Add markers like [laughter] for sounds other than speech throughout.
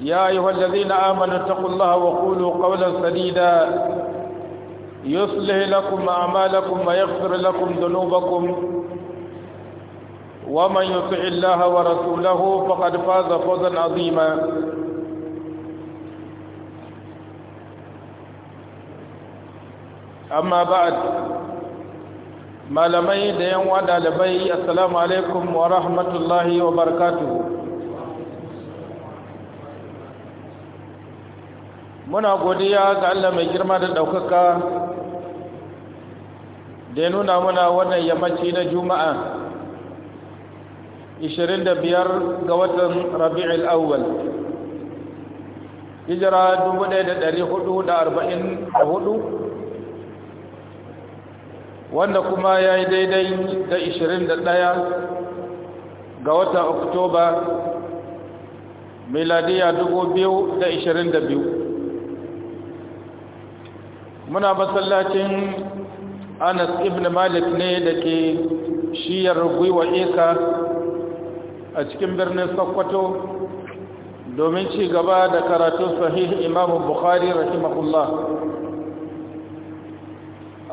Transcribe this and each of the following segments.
يا أيها الذين آمنوا اتقوا الله وقولوا قولا سديدا يصلح لكم أعمالكم ويغفر لكم ذنوبكم ومن يطع الله ورسوله فقد فاز فوزا عظيما أما بعد ما لمي yan wada على السلام عليكم ورحمة الله وبركاته muna godiya ga Allah mai girma da ɗaukaka da ya nuna muna wannan yammaci na juma'a 25 ga watan rabi'ul awwal hijira 1444 wanda kuma ya yi daidai da 21 ga watan oktoba miladiya 2022 muna masallacin anas ibn malik ne da ke shiyar gwiwa eka a cikin birnin sokoto domin ci gaba da karatu sahih imamu bukhari rahimahullah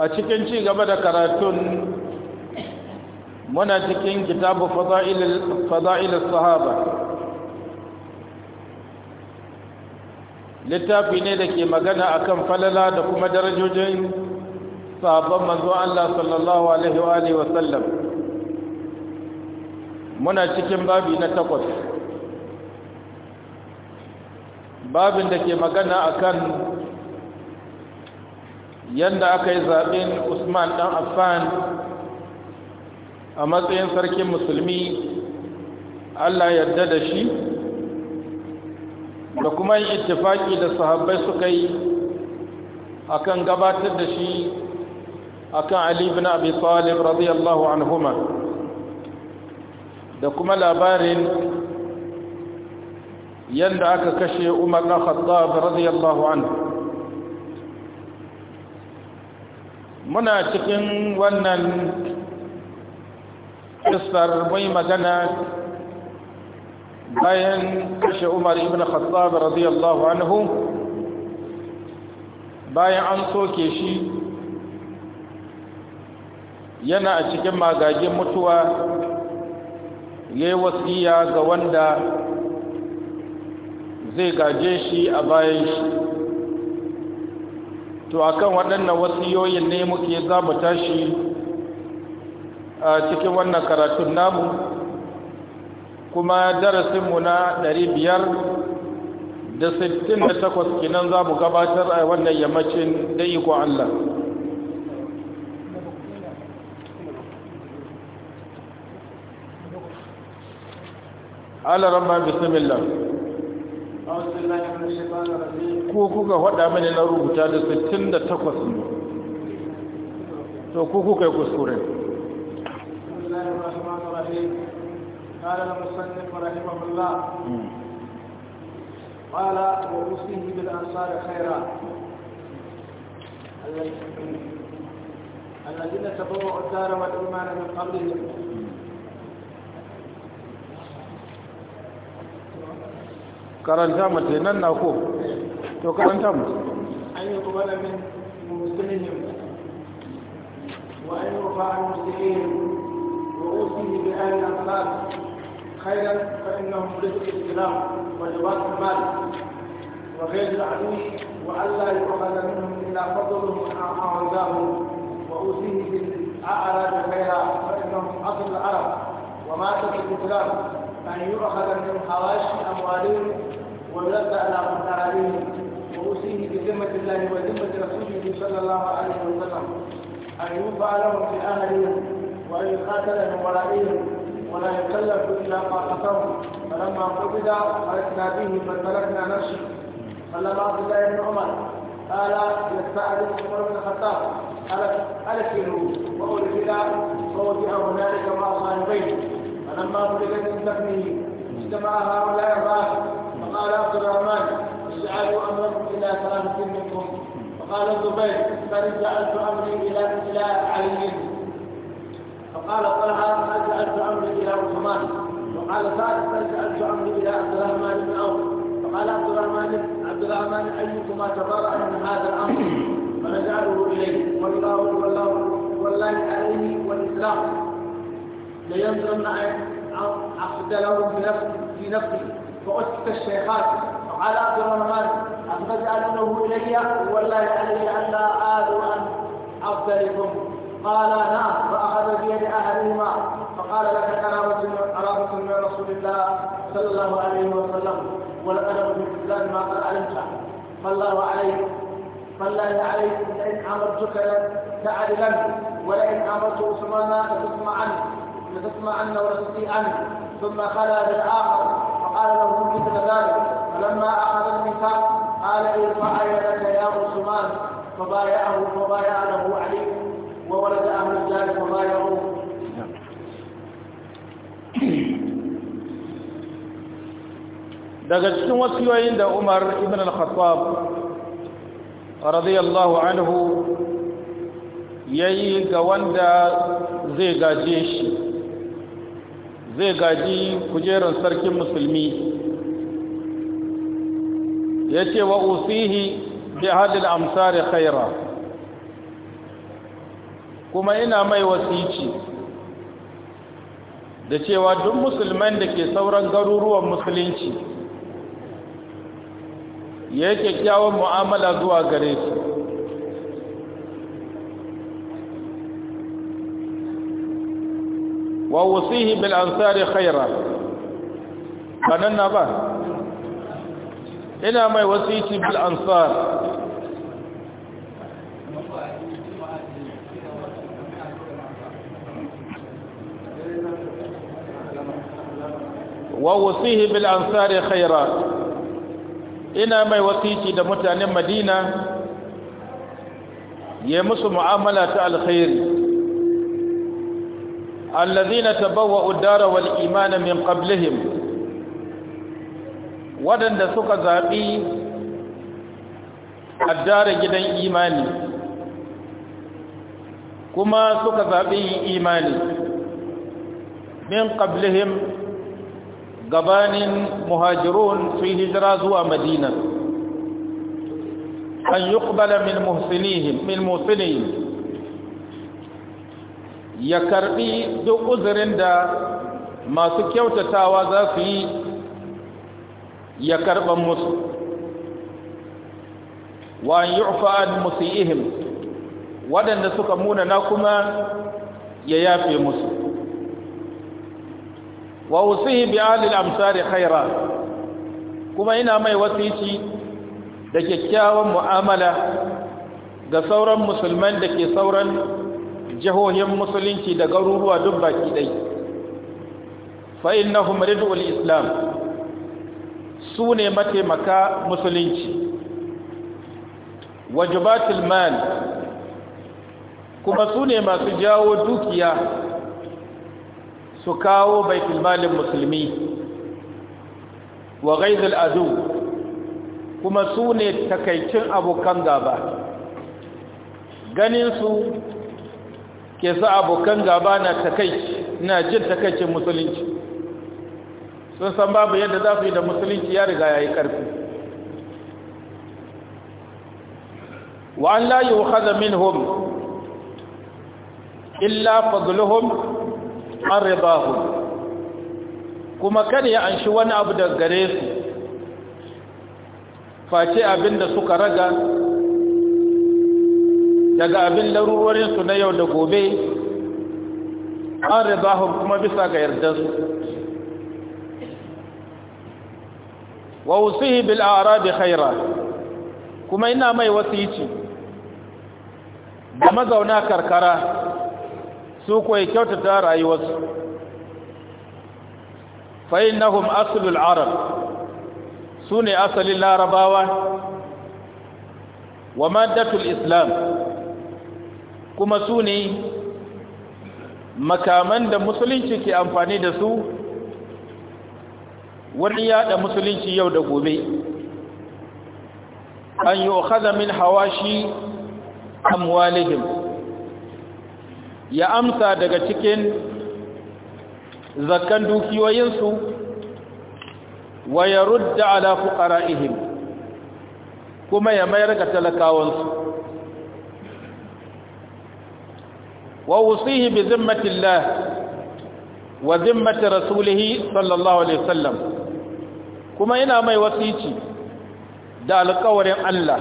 a cikin ci gaba da karatun muna cikin kitabu fada'ilus sahaba littafi ne da ke magana akan falala da kuma darajojin sabon manzo Allah sallallahu alaihi wa alihi muna cikin babi na takwas babin da ke magana akan yadda aka yi zaɓen usman ɗan affan a matsayin sarkin musulmi allah yarda da shi da kuma yin ittifaki da sahabbai suka yi akan gabatar da shi akan Ali ibn Abi Talib radiyallahu anhuma da kuma labarin yanda aka kashe Umar ibn Khattab radiyallahu anhu muna cikin wannan kisar mai magana bayan kashe umar ibn khattab radiyallahu anhu bayan an soke shi yana a cikin magagin mutuwa ya wasiya ga wanda zai gaje shi a bayan shi to akan waɗannan wasiyoyin ne muke zabuta shi a cikin wannan karatun namu kuma darasinmu na 568 kinan za mu gabatar a wannan yammacin da iko Allah ala bismillah ko kuka faɗa mini na rubuta da 68 to ku kuka yi kuskure قال المصنف رحمه الله قال وأوصيه بالأنصار خيرا الذين تبوأوا الدار والإيمان من قبلهم karanta mace nan na ko to karanta mu an yi kubala min musulmihim wa an yi rufa an musulmihim wa usihi bi ayyukan خيرا فإنه ملك الإسلام ولباس المال وغير العدو وألا يؤخذ منهم إلا فضلهم وعزاه وأوصيه بالأعراب خيرا فإنهم أصل العرب وماتت الإسلام أن يؤخذ من حواشي أموالهم ويرد على أعرابهم وأوصيه بذمة الله وذمة رسوله صلى الله عليه وسلم أن يوفى لهم في أهلهم وأن يقاتل من ورائهم ولا يكلف إلا ما أتاه فلما قبض أردنا به من ملكنا نفسه قال عبد الله بن عمر قال يستعد عمر بن الخطاب ألكله وأرسل فوجئ هنالك مع صاحبيه فلما قبض من دفنه اجتمع هؤلاء الراس فقال عبد الرحمن اجعلوا أمركم إلى ثلاثة منكم فقال الزبير بل جعلت أمري إلى إلى علي فقال طلحة جعلت عمري إلى عثمان وقال ما جعلت عمري إلى عبد الرحمن بن عوف فقال عبد الرحمن عبد الرحمن أيكما تبرأ من هذا الأمر فنجعله إليه والله والله والله عليه والإسلام لينظرن له في نفسي فأسكت الشيخات فقال عبد الرحمن أن تجعلونه إلي والله علي أن لا آل عن أفضلكم قال نعم فأخذ بيد أحدهما فقال لك قرابة قرابة من رسول الله صلى الله عليه وسلم والأدب فلان ما قد علمت فالله عليك فالله عليك لئن أمرتك لأعدلن ولئن أمرت عثمان لتسمعن لتسمعن عنه ثم خلا بالآخر فقال له مثل ذلك فلما أخذ الميثاق قال ارفع يدك يا عثمان فبايعه فبايع له عليك وولد أهل وما daga cikin wasiyoyin da Umar ibn al-Khattab radiyallahu anhu yayi ga wanda zai gaje shi zai gaji kujerar sarkin musulmi yace wa usihi bi hadil amsar khaira kuma ina mai wasici da cewa duk musulman da ke sauran garuruwan musulunci ya yi kyakkyawan mu'amala zuwa gare su wa wusihi bil ansari khaira kanan na ba ina mai wasici bil ansari wa wusihi bil ansari kaira ina mai wasici da mutanen madina ya musu mu'amala ta alkhairi allazina tabawwa'u ad-dara wal imana min qablihim wadanda suka zabi addara gidan imani kuma suka zabi imani min qablihim gabanin muhajirun sun hijira zuwa madina an yuqbala min muhsinihim min ya karbi duk uzurin da masu kyautatawa za su yi ya karban musu wa an yu'fa an ihim, waɗanda suka munana kuma ya yafe musu wa usihi bi alil amsari khaira kuma ina mai wasici da kyakkyawan mu'amala ga sauran musulman da ke sauran jihohin musulunci da garuruwa duk baki dai fa innahum ridul islam su ne mataimaka musulunci wajibatul mal kuma su ne masu jawo dukiya su kawo baitul malin musulmi wa ghaizul adu kuma su ne takaicin abokan gaba Ganinsu ke sa abokan gaba na takaici na jin takaicin musulunci sun san babu yadda za su yi da musulunci ya riga ya yi ƙarfi wa an layi wa minhum illa fadluhum an kuma kada ya anshi wani abu da gare su face abin da suka raga daga abin su na yau da gobe an kuma bisa ga su wa wusihi bil arabi khaira kuma ina mai wasici da mazauna karkara su kuwa kyautata rayuwarsu fa'in nahum asulul arab su ne asalin larabawa wa madatul islam kuma su ne makaman da musulunci ke amfani da su wani yada musulunci yau da gobe an yi min hawashi amwalihim ya amsa daga cikin zakkan dukiyoyinsu wa ya rudda ala fuqara'ihim kuma ya mayar ga talakawansu wa wusihi bi zimmatillah wa zimmati rasulihi sallallahu alaihi sallam, kuma ina mai wasici da alƙawarin Allah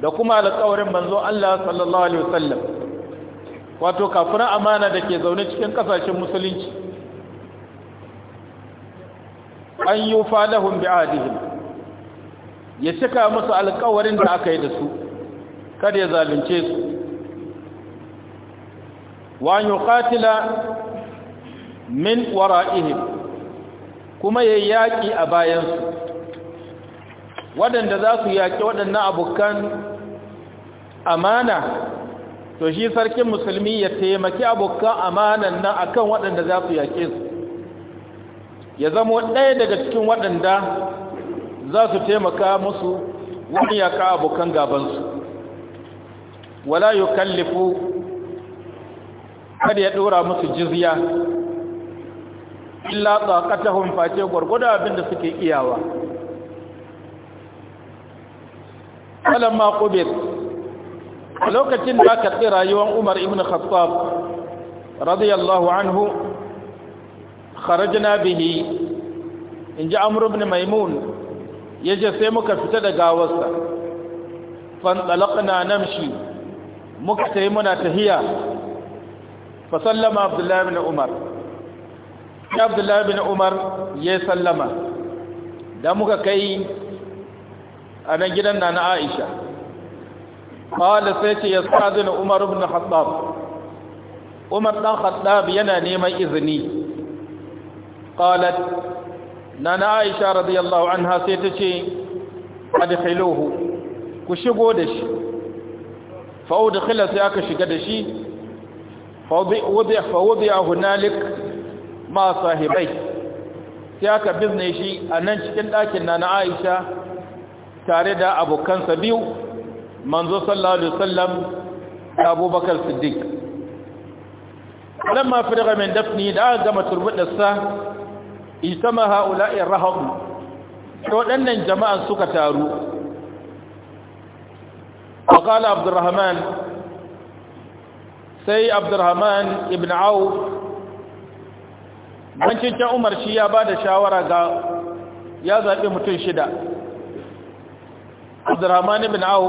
da kuma alƙawarin manzo Allah sallallahu alaihi sallam. wato kafirin amana da ke zaune cikin kasashen musulunci an yi falahun bi ya cika musu alkawarin da aka yi da su kada ya zalunce su wa yi katila min wara'ihim kuma ya yaƙi a bayansu waɗanda za su yaƙi waɗannan abokan amana to shi sarkin musulmi ya taimaki abokan amanan nan akan waɗanda za su yaƙe su ya zama ɗaya daga cikin waɗanda za su taimaka musu wani yaƙa abokan gabansu wala yi kallifu kada ya ɗora musu jizya illa hun face gwargwada abinda suke iyawa kalan ma a lokacin da karɓi rayuwar umar ibn khattab radiyallahu anhu kharajna bihi in ji amur ibn maimun ya ce sai muka fita da gawarsa fantsalakna namshi muka ta yi muna tahiya fa sallama abdullahi bin umar ya abdullahi bin umar ya sallama da muka kai a nan gidan na na aisha qala sai ce yastazinu umar ibn khattab umar dan khattab yana neman izini qalat nana aisha radiyallahu anha sai ta ce adkhiluhu ku shigo da shi fa udkhila sai aka shiga da shi fa wudi fa wudi hunalik ma sahibai sai aka bizne shi a nan cikin ɗakin na na aisha tare da abokansa biyu manzo sallallahu alaihi wasallam abubakar siddiq lamma firaga min dafni da gama turbudarsa isama haula'i rahab to dannan jama'an suka taru wa qala abdurrahman sai abdurrahman ibn A'u. bancin can umar shi ya bada shawara ga ya zaɓi mutum shida abdurrahman ibn A'u.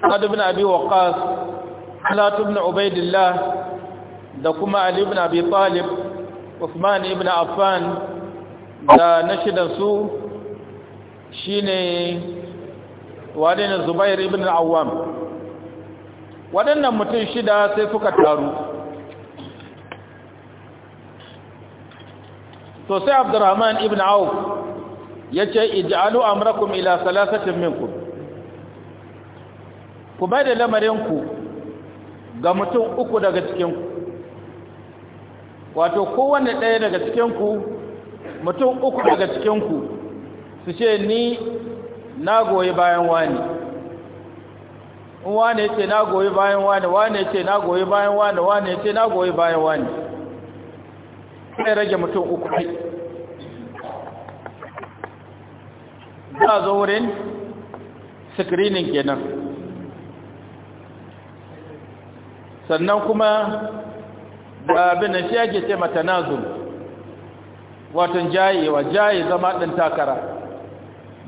sa'ad bin abi waqqas halat ibn ubaidillah da kuma ali bin abi talib usman ibn affan da na shidan su ne wane ne zubair ibn awwam waɗannan mutum shida sai suka taru Sosai sai abdurrahman ibn auf yace ij'alu amrakum ila salasatin minku." ku bai da lamarinku ga mutum uku daga cikinku wato kowane ɗaya daga cikinku mutum uku daga cikinku su ce ni na goyi bayan wani wani wane ce na goyi bayan wani wane ce na goyi bayan wani wane ce na goyi bayan wani sai rage mutum uku za zo wurin screening kenan sannan kuma abin da shi ake ce mata nazul watan jayewa jaye zama ɗin takara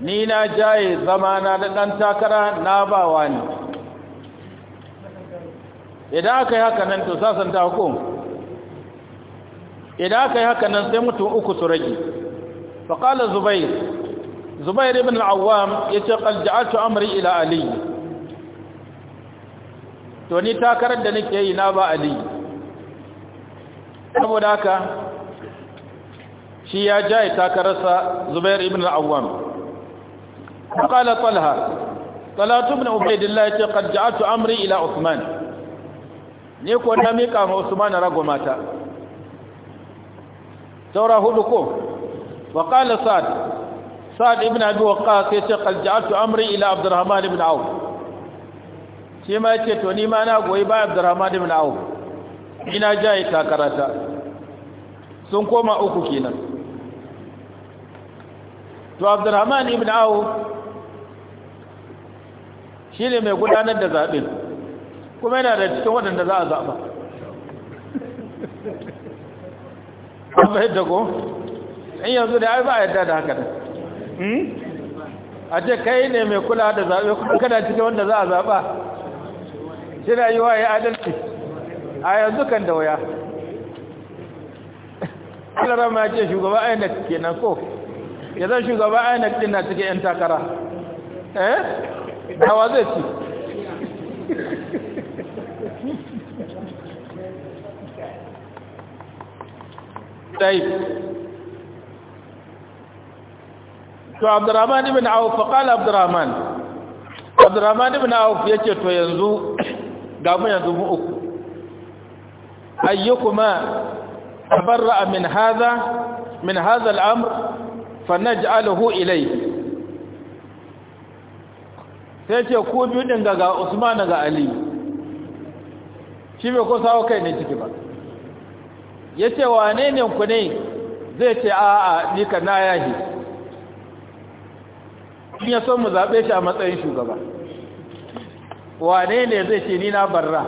ni na jaye zama na ɗan takara na ba wa ne idan aka yi haka nan to ta hukum idan aka yi haka nan sai mutum uku su rage faƙalar zubair zubair ibn al'awam ya ce ƙalja'atu amri ila aliyu to ni takarar da nake yi na ba ali saboda haka shi ya jaye takararsa zubair ibn al-awwam qala talha talha ibn ubaydillah ya ce qad ja'atu amri ila usman ni ko na mika ma usman rago mata saura hudu ko wa qala sa'd sa'd ibn abi waqqas ya ce qad ja'atu amri ila abdurrahman ibn awf shi ma ce to ni ma na goyi ba abdurrahman ibn auf ina jaye takarata sun koma uku kenan to abdurrahman ibn auf shi ne mai gudanar da zaɓen kuma yana da cikin waɗanda za a zaɓa an fahimta ko in yanzu da ai ba a yadda da haka da hmm? a ce kai ne mai kula da zaɓe kuma kada cikin wanda za a zaɓa yana yi wa ya adalci a yanzu kan da waya alara ma ce shugaba inec kenan ko ya zan shugaba inec din na cikin yan takara eh hawa zai ci dai to abdurrahman ibn auf qala abdurrahman abdurrahman ibn auf yace to yanzu ga mu yanzu mu uku ayyukuma tabarra min hadha min hadha al-amr fanaj'aluhu ilayhi sai ce ku biyu din daga Usman ga Ali shi bai ko sawo kai ne ciki ba yace wane ne ku ne zai ce a'a ni ka na yahi ya so mu zabe shi a matsayin shugaba wane ne zai ce ni na barra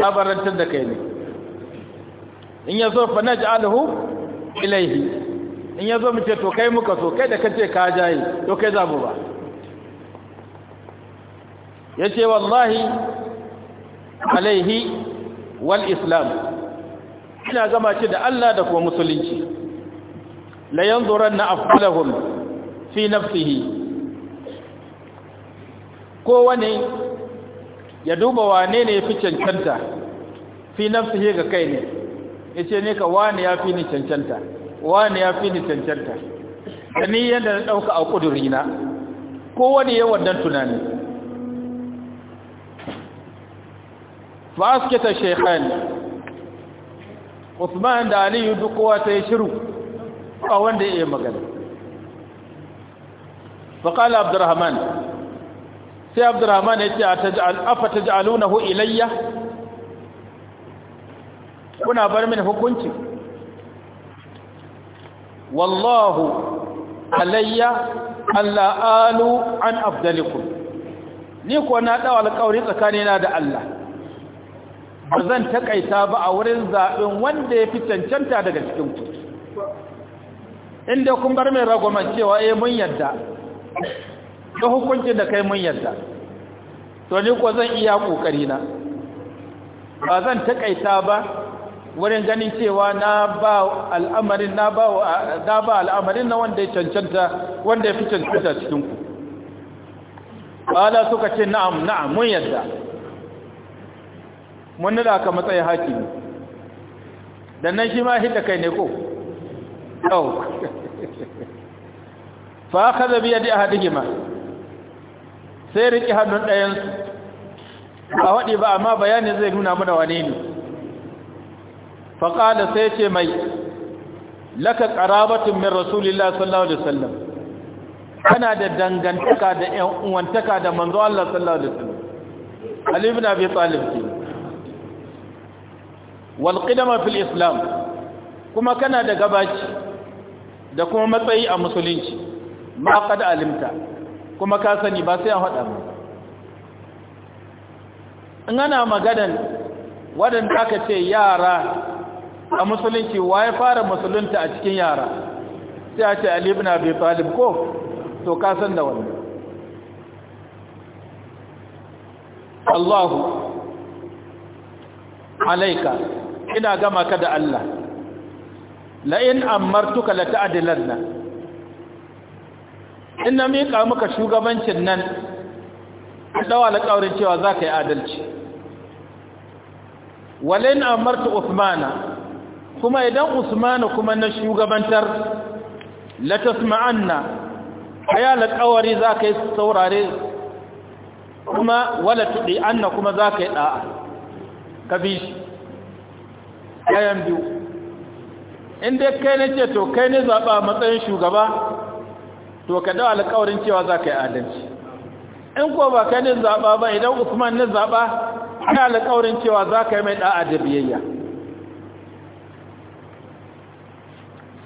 na barantar da kai ne in ya zo fa alahu ilaihi in ya zo mu ce to kai muka so kai da kace ka jayi to kai za mu ba Ya ce wallahi alaihi wal islam ina gama ce da Allah da kuma musulunci la yanzuranna afqalahum fi nafsihi kowane ya duba wane ne ya fi cancanta fi nafsihi ga kai ne ya ce ne ka wane ya fi ni cancanta wane ya fi ni cancanta da ni yadda na ɗauka a ƙudurina kowane ya wannan tunani ba su keta ta usman da aliyu duk kowa ta yi shiru a wanda ya yi magana faƙala abdurrahman sai abdurrahman ya ce afa ta hu ilayya kuna bar mini hukunci wallahu alayya alla alu an afdalikum ni kuwa na dawo alƙawari tsakanina da Allah ba zan takaita ba a wurin zaɓin wanda ya fi cancanta daga cikin ku inda kun bar mai cewa e mun yadda ta hukuncin da kai mun yarda to ni ko zan iya kokari na ba zan takaita ba wurin ganin cewa na ba al'amarin na ba da ba al'amarin na wanda ya cancanta wanda ya fi cancanta cikin ku ala suka ce na'am na'am mun yarda mun nada ka matsayin hakimi dan nan shi ma hidda kai ne ko yau [laughs] fa akhadha bi yadi ahadihima sai riƙe hannun ɗayansu a waɗi ba amma bayanin zai nuna mana wane ne faƙala sai ce mai laka ƙarabatun min rasulillah sallallahu alaihi wasallam kana da dangantaka da ƴan uwantaka da manzo Allah sallallahu alaihi wasallam Ali ibn Abi Talib ke wal qidama fil islam kuma kana da gabaci da kuma matsayi a musulunci ma qad alimta kuma ka sani ba sai a haɗa ba in ana maganan waɗanda aka ce yara a musulunci wa ya fara musulunta a cikin yara sai a ce na bai talib ko to ka san da wani Allahu alaika ina gama ka da Allah la'in ammartuka la nan. in na miƙa muka shugabancin nan a ɗawa alƙawarin cewa za ka yi adalci walin amarta usmana kuma idan usmana kuma na shugabantar latasma'anna a yi alƙawari za ka yi saurare kuma wala tuɗi anna kuma za ka yi ɗa'a ka bi shi ɗayan biyu in dai kai ne ce to kai ne zaɓa matsayin shugaba to ka dawo alƙawarin cewa za ka yi adalci in ko ba kai nin zaɓa ba idan usman nin zaɓa ana alƙawarin cewa za ka yi mai ɗa'a da biyayya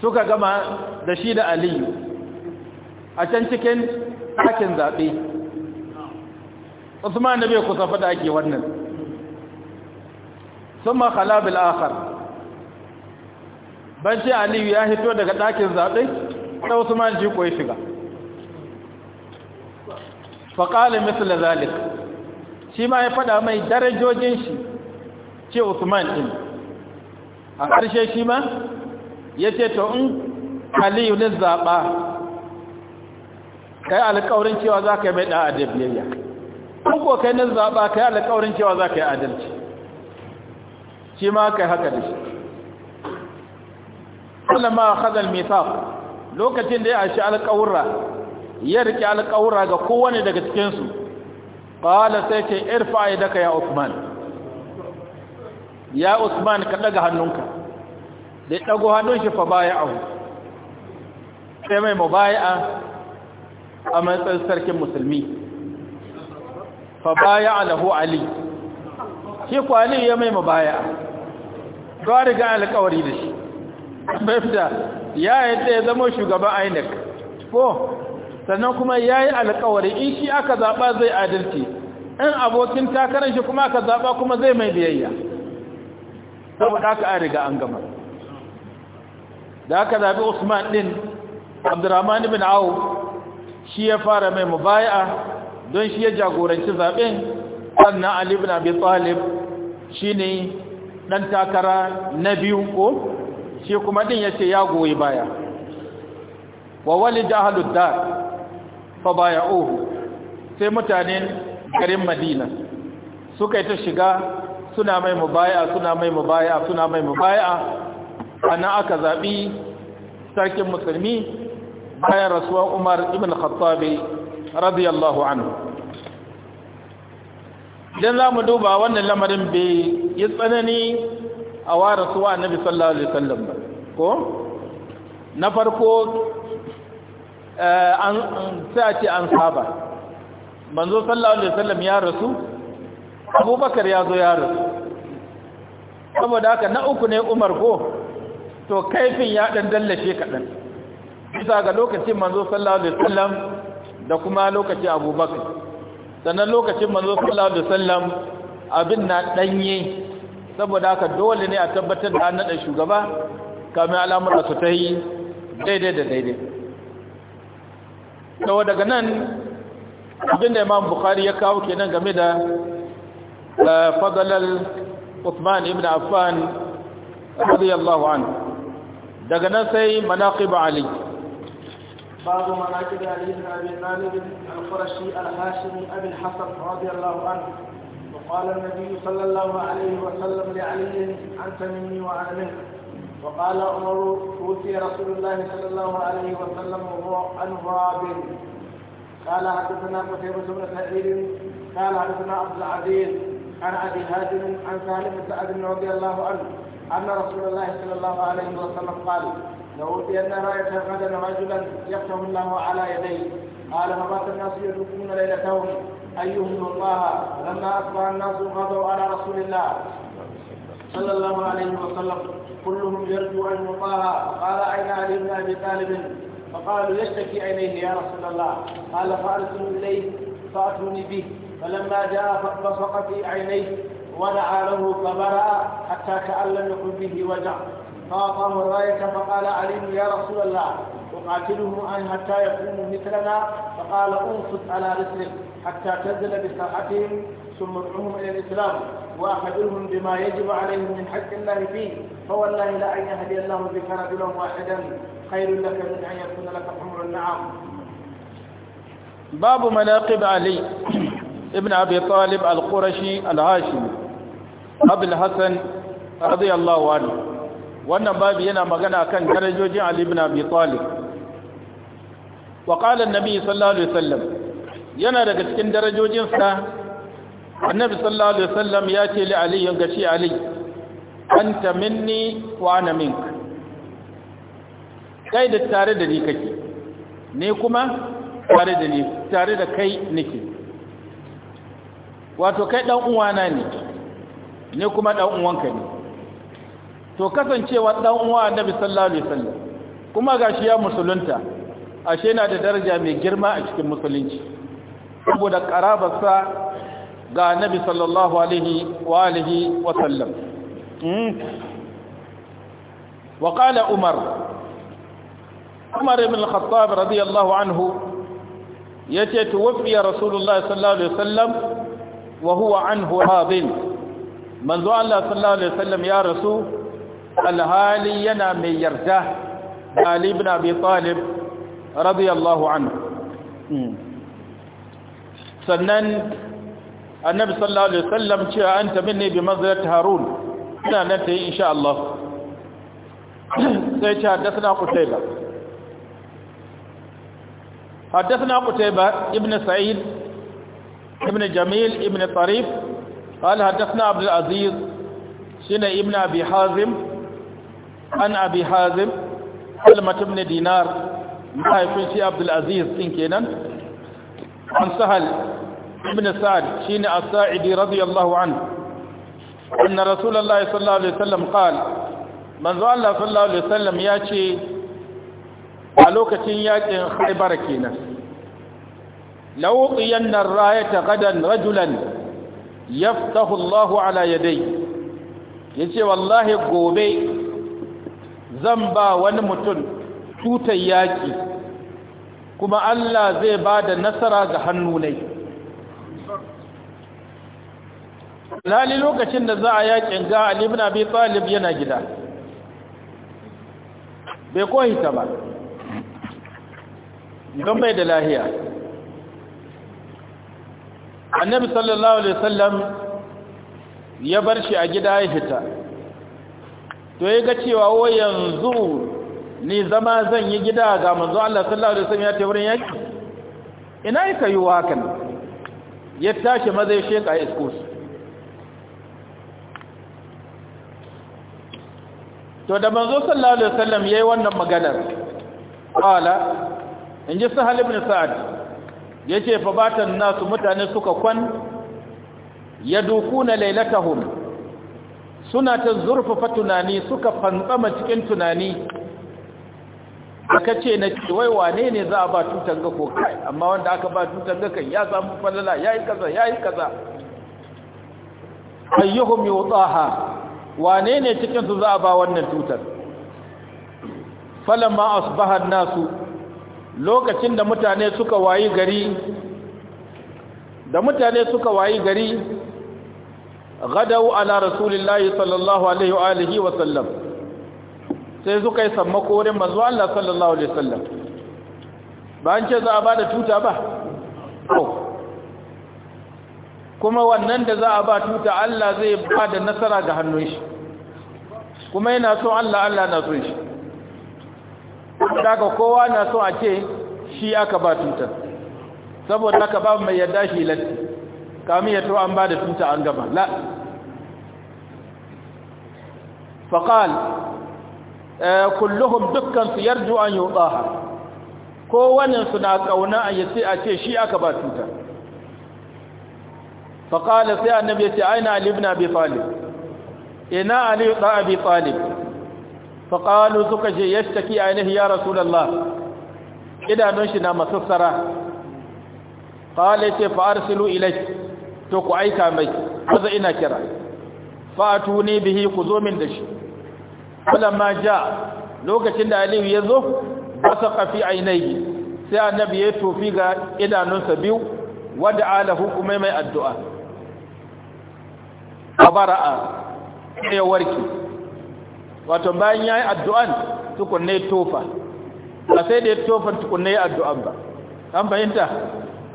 suka gama da shi da aliyu a can cikin ɗakin zaɓe usman na bai kusa faɗa ake wannan sun makala bil'akar ban ce aliyu ya hito daga ɗakin zaɓe ta usman jiko ya shiga faƙali misali zalik shi ma ya faɗa mai darajojin shi ce usman ɗin a ƙarshe shi ma ya ce to in aliyu ne zaɓa kai alƙawarin cewa za ka yi mai ɗa'a da biyayya in ko kai ne zaɓa kai alƙawarin cewa za ka yi adalci shi ma kai haka da shi kullum ma khazal mithaq lokacin da ya shi alƙawura. ya rike alƙawura ga kowane daga cikinsu ƙala sai ce irfa ya daka ya usman ya usman ka ɗaga hannunka da ya ɗago hannun shi fa baya ahu sai mai baya a matsayin sarkin musulmi fa baya lahu ali shi kwali ya mai mubaya ga riga alƙawari da shi ya fita ya yadda ya zama shugaban inec ko sannan kuma ya yi alƙawari in shi aka zaɓa zai adalci in abokin takarar shi kuma aka zaɓa kuma zai mai biyayya saboda aka ariga riga an gama da aka zaɓi usman ɗin abdurrahman ibn awu shi ya fara mai mubaya don shi ya jagoranci zaɓen sannan ali ibn abi talib shi ne ɗan takara na biyu ko shi kuma ɗin ya ce ya goyi baya wa wali dar fa baya'uhu sai mutanen garin Madina suka yi ta shiga suna mai mubaya suna mai mubaya suna mai mubaya ana aka zaɓi sarkin musulmi bayan rasuwa Umar ibn Khattab radiyallahu anhu idan za mu duba wannan lamarin bai yi tsanani a wa rasuwa annabi sallallahu alaihi wasallam ba ko na farko Eh, sai a ce an saba manzo sallallahu alaihi wasallam ya rasu abubakar ya zo ya rasu saboda haka na uku ne umar ko to kaifin ya dan dallace kaɗan bisa ga lokacin manzo sallallahu alaihi wasallam da kuma lokacin abubakar sannan lokacin manzo sallallahu alaihi wasallam abin na danye saboda haka dole ne a tabbatar da an nada shugaba kamar al'amura su ta yi daidai da daidai sau daga nan abin da imam bukhari ya kawo kenan game da fadalar usman ibn affan radiyallahu anhu daga nan sai manaqib ali babu manaqib ali ibn بعض al-qurashi al ابي abi al-hasan radiyallahu الحسن wa qala an-nabi sallallahu alayhi wa sallam li ali انت مني wa منك وقال عمر توفي رسول الله صلى الله عليه وسلم وهو عن رابر قال حدثنا قتيبة بن سعيد قال حدثنا عبد العزيز عن ابي هاشم عن سالم بن سعد رضي الله عنه ان رسول الله صلى الله عليه وسلم قال أن راية غدا رجلا يفتح الله على يديه قال فمات الناس يدركون ليلتهم أيهم الله لما أصبح الناس غدوا على رسول الله صلى الله عليه وسلم كلهم يرجو أن يطاها قال أين علي بن أبي طالب فقالوا يشتكي إليه يا رسول الله قال فأرسل إليه فأتوني به فلما جاء بصق في عينيه ودعا له فبرأ حتى كأن لم يكن به وجع فأعطاه الراية فقال علي يا رسول الله أقاتله أن حتى يكون مثلنا فقال أنصت على رسلك حتى تنزل بسرعتهم ثم ادعوهم إلى الإسلام وأحدهم بما يجب عليهم من حق الله فيه فوالله لا أن يهدي الله بك رجلا واحدا خير لك من أن يكون لك حمر النعم باب مناقب علي ابن أبي طالب القرشي الهاشمي أبو الحسن رضي الله عنه وأن باب ينا مغنى كان درجوج علي بن أبي طالب وقال النبي صلى الله عليه وسلم ينا لك سكن درجوج صلى annabi sallallahu alaihi wasallam ya ce li ali yanga ce ali anta minni wa ana mink kai da tare da ni kake ne kuma tare da ni tare da kai nake wato kai dan na ne ne kuma dan ka ne to kasancewa dan uwa annabi sallallahu alaihi wasallam kuma gashi ya musulunta ashe na da daraja mai girma a cikin musulunci saboda karabarsa ga annabi sallallahu alaihi wa alihi wa sallam hmm? wa qala umar umar ibn al-khattab radiyallahu anhu yace tuwfiya rasulullah sallallahu alaihi wasallam wa huwa anhu radin manzo Allah sallallahu alaihi wasallam ya rasu alhali yana mai yarda Ali ibn Abi Talib radiyallahu anhu hmm. sannan النبي صلى الله عليه وسلم جاء أنت مني بمنزلة هارون لا ننتهي إن شاء الله [clears throat] سيجا حدثنا قتيبة حدثنا قتيبة ابن سعيد ابن جميل ابن طريف قال حدثنا عبد العزيز شنا ابن أبي حازم أن أبي حازم كلمة ابن دينار ما يفنشي عبد العزيز إن كينا عن سهل ibn sa'ad shine as-sa'idi radiyallahu anhu anna rasulullahi sallallahu alaihi wasallam qala manzo Allah sallallahu alaihi wasallam ya ce a lokacin yakin Khaibar kenan law qiyanna ar-rayata qadan rajulan yaftahu Allahu ala yadayhi yace wallahi gobe zan ba wani mutum tutar yaki kuma Allah zai ba da nasara ga hannu ne lali lokacin da za a yakin ga Ali ibn Abi Talib yana gida bai koyi ta ba don bai da lahiya annabi sallallahu alaihi wasallam ya bar shi a gida ya fita to ya ga cewa wai yanzu ni zama zan yi gida ga manzo Allah sallallahu alaihi wasallam ya ce wurin yaki ina yake yi wakan ya tashi mazai ya iskusu to da manzo sallallahu alaihi wasallam yayi wannan maganar qala inji sahal ibn sa'ad yace fa batan nasu mutane suka kwan yadukuna lailatahum suna ta zurfafa tunani suka fantsama cikin tunani aka ce na ce wai wane ne za a ba tutan ga ko amma wanda aka ba tutan ga kan ya samu falala yayi kaza yayi kaza ayyuhum yutaha wane ne cikin su za a ba wannan tutar falamma asbaha nasu lokacin da mutane suka wayi gari da mutane suka wayi gari gadau ala rasulillahi sallallahu alaihi wa alihi wa sallam sai suka yi sammako wurin manzo Allah sallallahu alaihi wa sallam. ba an ce za a ba da tuta ba kuma wannan da za a ba tuta Allah zai ba da nasara ga hannun shi kuma yana so Allah Allah na so shi daga kowa na so a ce shi aka ba tuta saboda aka ba mai yadda shi latti kamun ya an ba da tuta an gama la faƙal eh, dukkan su yarju an yi kowanensu na ƙauna a yi sai a ce shi aka ba tuta faƙala sai annabi ya ce aina ali ibn abi talib ina ali ibn abi talib faƙalu suka ce yashtaki ainihi ya rasulullah idanun shi na masassara qala ce fa silu ilai, to ku aika mai kaza ina kira fatu ne bihi ku zo min da shi ma ja lokacin da aliyu ya zo basaqa fi ainihi sai annabi ya tofi ga idanunsa biyu wada ala hukumai mai addu'a fabara'a sai ya warke wato bayan yayi addu'an tukunne tofa ba sai da ya tofa tukunne addu'an ba an fahimta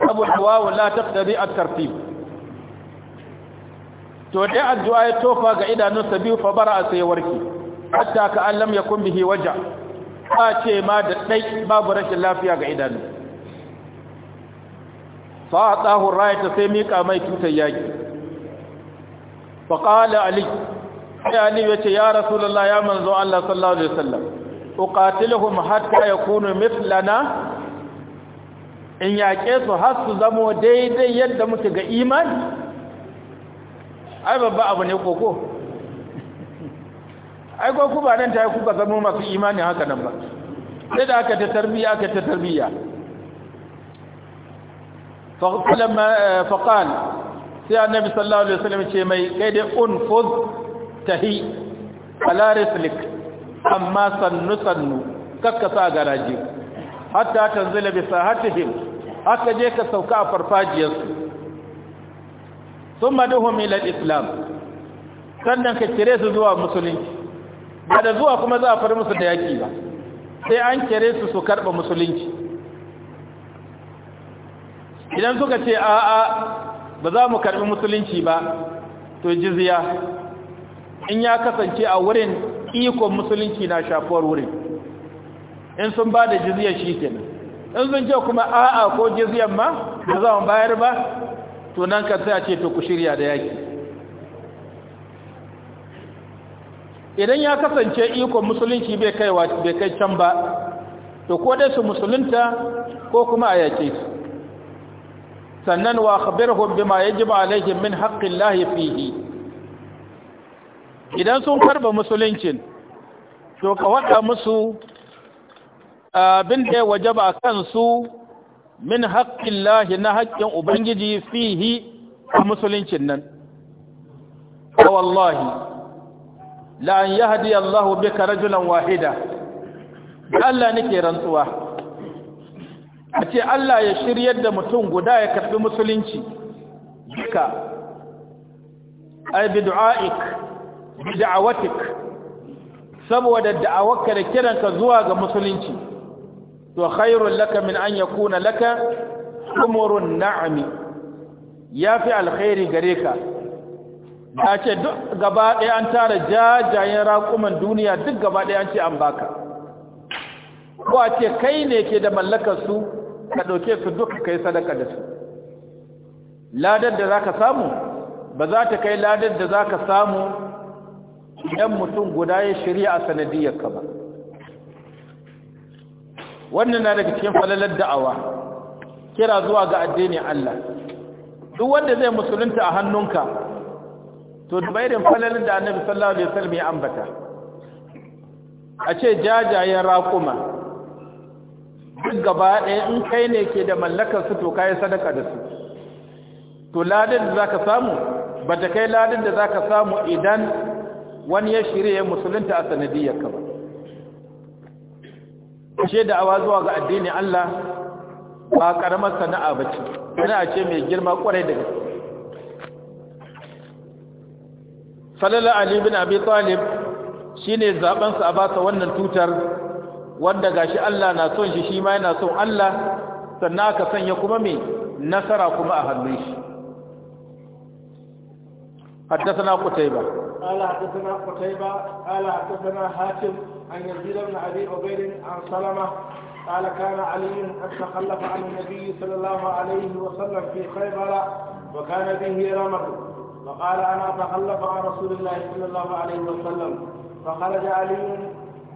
abu hawa la taqtadi at-tartib to dai addu'a ya tofa ga idanunsa biyu fa bara sai ya warke hatta ka allam yakun bihi waja a ce ma da dai babu rashin lafiya ga idanu fa atahu rayata sai mika mai tutar yaki faƙala ali sai ali ya ce ya rasulallah ya manzo Allah sallallahu alaihi wasallam uqatiluhum hatta yakunu mithlana in yaƙe su har su zamo daidai yadda muka ga imani ai babba abu ne koko ai koko ba nan ta yi kuka zamo masu imani haka nan ba sai da aka ta tarbiyya aka ta tarbiyya faƙal sai annabi sallallahu alaihi wasallam ce mai kai dai unfuz tahi ala rislik amma sannu sannu kakka sa garaje hatta tanzila bi sahatihim haka je ka sauka a farfajiyar su thumma duhum ila islam sannan ka kire su zuwa musulunci ba da zuwa kuma za a fara musu da yaki ba sai an kire su su karba musulunci idan suka ce a'a ba za mu karbi musulunci ba to jizya in ya kasance a wurin ikon musulunci na shafuwar wurin in sun ba da jizya shi kenan in sun ce kuma a'a ko jizyan ma ba za mu bayar ba to nan ka sai a ce to ku shirya da yaki idan ya kasance ikon musulunci bai kai can ba to ko dai su musulunta ko kuma a yake su sannan wa akhbirhum bima yajibu alaihim min haqqillahi fihi idan sun karba musuluncin to ka wada musu abin da a wajaba kansu min haqqillahi na haƙƙin ubangiji fihi a musuluncin nan wallahi la an yahdi Allahu bika rajulan wahida Allah nake rantsuwa a ce Allah ya shiryar da mutum guda ya karbi musulunci duka ai bid'a'ik bid'awatik saboda da'awarka da kiranka zuwa ga musulunci to khairul laka min an yakuna laka umurun na'ami yafi alkhairi gare ka a ce duk gaba ɗaya an tara jajayen raƙuman duniya duk gaba ɗaya an ce an baka ko a ce kai ne ke da mallakar su ka ɗauke su duka kai sadaka da su ladar da za ka samu ba za ta kai ladar da za ka samu idan mutum guda ya shirya a ka ba wannan na daga cikin falalar da'awa kira zuwa ga addinin Allah duk wanda zai musulunta a hannunka to da bayanin falalar da annabi sallallahu alaihi wasallam ya ambata a ce jajayen raƙuma duk gaba ɗaya in kai ne ke da mallakar su to kai sadaka da su to ladin da zaka samu ba kai ladin da zaka samu idan wani ya shirye musulunta a sanadiyar ka ba ce da awa zuwa ga addini Allah ba karamar sana'a ba ce ina ce mai girma kwarai da gaske falala ali bin sallam shine zaben sa a basa wannan tutar wanda gashi Allah na son shi shi ma yana son Allah sannan aka sanya kuma mai nasara kuma a hannun shi حدثنا قتيبة قال حدثنا قتيبة قال حدثنا حاتم عن يزيد بن أبي عبيد عن سلمة قال كان علي قد تخلف عن النبي صلى الله عليه وسلم في خيبر وكان به رمق وقال أنا أتخلف عن رسول الله صلى الله عليه وسلم فخرج علي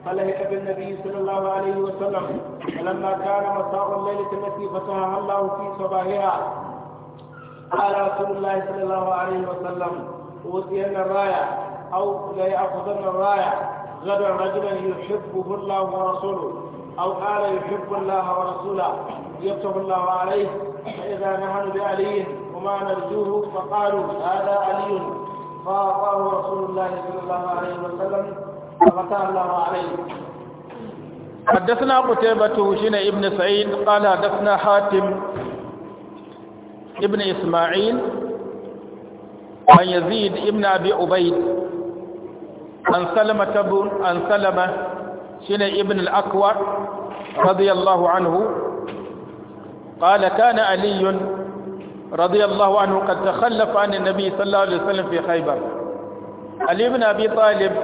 فلهج بالنبي صلى الله عليه وسلم فلما كان مساء الليلة التي فتحها الله في صباحها قال رسول الله صلى الله عليه وسلم أوتين الراية أو ليأخذن الراية غدا رجلا يحبه الله ورسوله أو قال يحب الله ورسوله يفتح الله عليه فإذا نحن بعلي وما نرجوه فقالوا هذا علي فأعطاه رسول الله صلى الله عليه وسلم حدثنا قتيبة شين ابن سعيد قال حدثنا حاتم ابن إسماعيل عن يزيد ابن أبي عبيد عن سلمة بن عن سلمة شين ابن الأكوع رضي الله عنه قال كان علي رضي الله عنه قد تخلف عن النبي صلى الله عليه وسلم في خيبر علي بن أبي طالب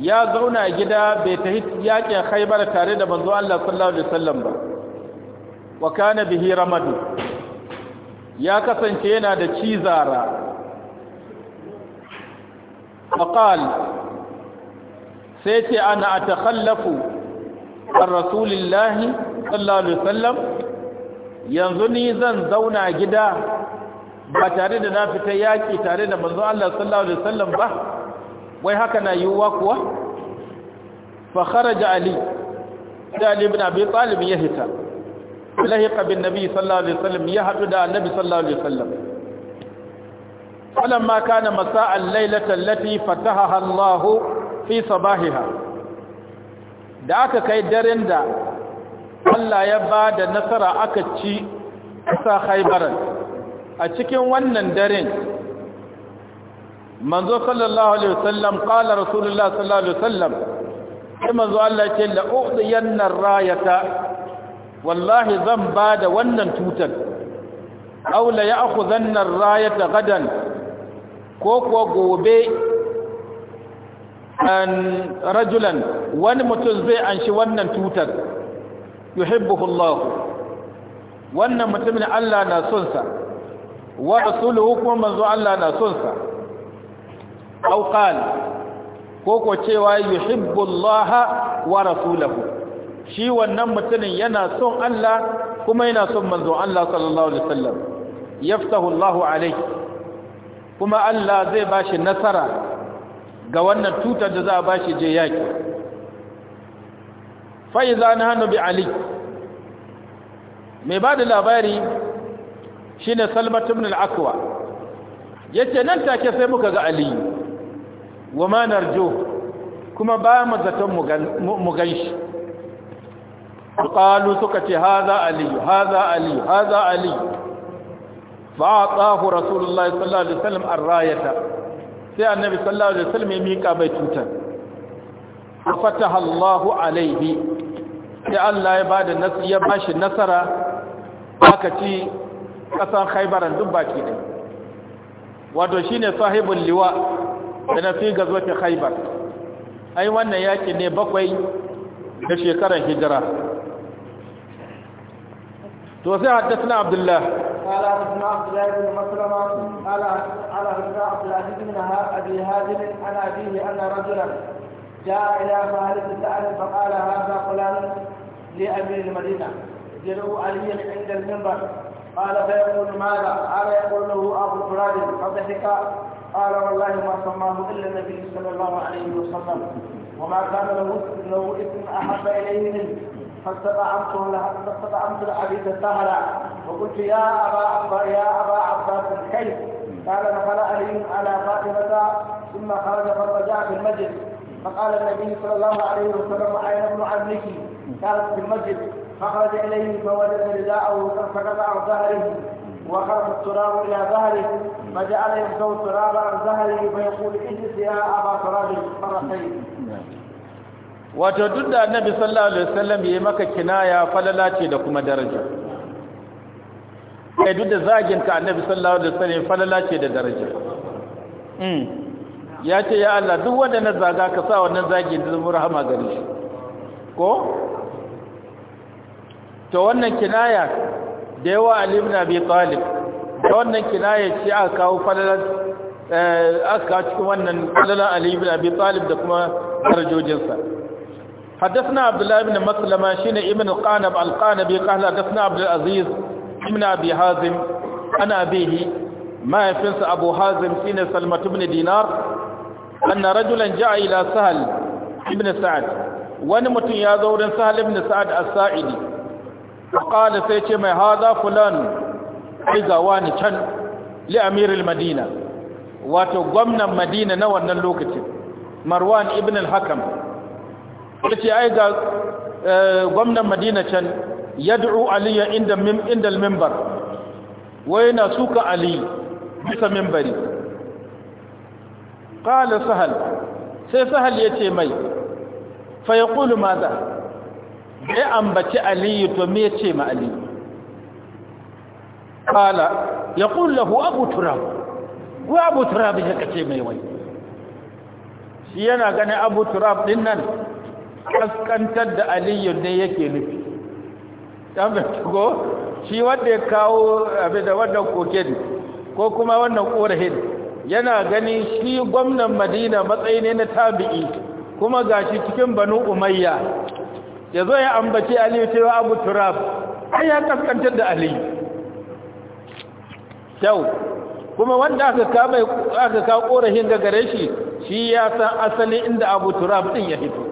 ya zauna gida bai ta yakin khaybar tare da manzo Allah sallallahu alaihi wasallam ba wa kana bihi ramadu ya kasance yana da cizara faqal sai ce ana atakhallafu an rasulillahi sallallahu alaihi wasallam yanzu ni zan zauna gida ba tare da na fita yaki tare da manzo Allah sallallahu alaihi wasallam ba wai haka na yiwuwa kuwa fa kharaja ali da ali ibn abi talib ya hita lahiqa bin nabi sallallahu alaihi wasallam ya hadu da annabi sallallahu alaihi wasallam falamma kana masa'al laylata allati fatahaha Allah fi sabahiha da aka kai daren da Allah ya ba da nasara aka ci sa Khaybar a cikin wannan daren manzo sallallahu alaihi wasallam qala rasulullah sallallahu alaihi wasallam sai manzo Allah ya ce la udiyanna rayata wallahi zan bada wannan tutar aw la ya'khuzanna rayata gadan ko kuwa gobe an rajulan wani mutum zai anshi wannan tutar yuhibbuhu Allah wannan mutumin Allah na son sa wa rasuluhu kuma manzo Allah na son sa aw qala ko ko cewa yuhibbu Allah wa rasulahu shi wannan mutumin yana son Allah kuma yana son manzo Allah sallallahu alaihi wasallam yaftahu Allah alaihi kuma Allah zai bashi nasara ga wannan tutar da za a bashi je yaki Faiza na hannu bi ali mai da labari shine salmat ibn al-aqwa yace nan take sai muka ga aliyu wa ma narjo kuma ba mu zaton mu gan shi qalu suka ce haza aliyu haza aliyu haza aliyu fa atahu rasulullahi sallallahu alaihi wasallam ar-rayata sai annabi sallallahu alaihi wasallam ya mika mai tutar fataha Allahu alaihi sai Allah ya bada nasara ya bashi nasara aka ci kasan Khaibaran duk baki ɗaya wato shine sahibul liwa da na fi gazo ta haibar ai wannan yakin ne bakwai da shekarar hijira to sai haddasa na abdullah ala abdullah bin maslama ala ala abdullah bin nahar abi hadin ana bihi anna rajulan jaa ila malik ta'al fa qala hadha qulan li amir al madina jaru ali inda al minbar qala fa yaqulu ma'a ala yaqulu abu furad fa dhika قال والله ما سماه إلا النبي صلى الله عليه وسلم وما كان له له اسم أحب إليه منه فاستطعمت فاستطعمت الحديث سهلا وقلت يا أبا عبا يا أبا عباس كيف؟ قال دخل علي على فاطمة ثم خرج فرجع في المسجد فقال النبي صلى الله عليه وسلم أين ابن عمك؟ قالت في المسجد فخرج إليه فوجد رداءه قد عن ظهره وخرج التراب إلى ظهره فجعل يمسو التراب عن ظهره فيقول اجلس يا أبا تراب مرتين wato duk da annabi sallallahu alaihi wasallam yayi maka kinaya falala ce da kuma daraja kai duk da zagin ka annabi sallallahu alaihi wasallam falala ce da daraja mm ya ce ya Allah duk wanda na zaga ka sa wannan zagin da zama rahama gare shi ko to wannan kinaya da yawa alimin abu ya talib da wannan kinaye ce aka kawo falalar eh, aka kawo cikin wannan falalar alimin abu ya da kuma harjojinsa haddasa abdullahi na matsalama shi ne imin alkanab alkanab ya kawo haddasa na abdullaziz imin abu hazim ana behi mahaifinsa abu hazim shi ne salmatu bin dinar an na rajulan ila sahal ibn sa'ad wani mutum ya zaurin sahal ibn sa'ad a saidi qala sai ce mai hada fulan ai ga wani can liamirin amiril madina wato gwamnan madina na wannan lokacin marwan ibn al-hakam ce ai ga eh, gwamnan madina can ya aliya inda mim inda al-minbar wai na suka ali bisa mimbari. qala sahal sai sahal ya ce mai fa yaqulu madha bai ambaci aliyu to me ce ma aliyu kala ya kullahu abu turab Ku abu turab ya kace mai wai shi yana gani abu turab din nan kaskantar da aliyu ne yake nufi dan ba go, shi wanda ya kawo abin da wannan koken ko kuma wannan korahin yana gani shi gwamnan madina matsayi ne na tabi'i kuma gashi cikin banu umayya ya zo ya ambaci aliyu cewa abu turab ai ya kaskantar da aliyu kyau kuma wanda aka ka mai korahin ga gare shi shi ya san asali inda abu turab din ya fito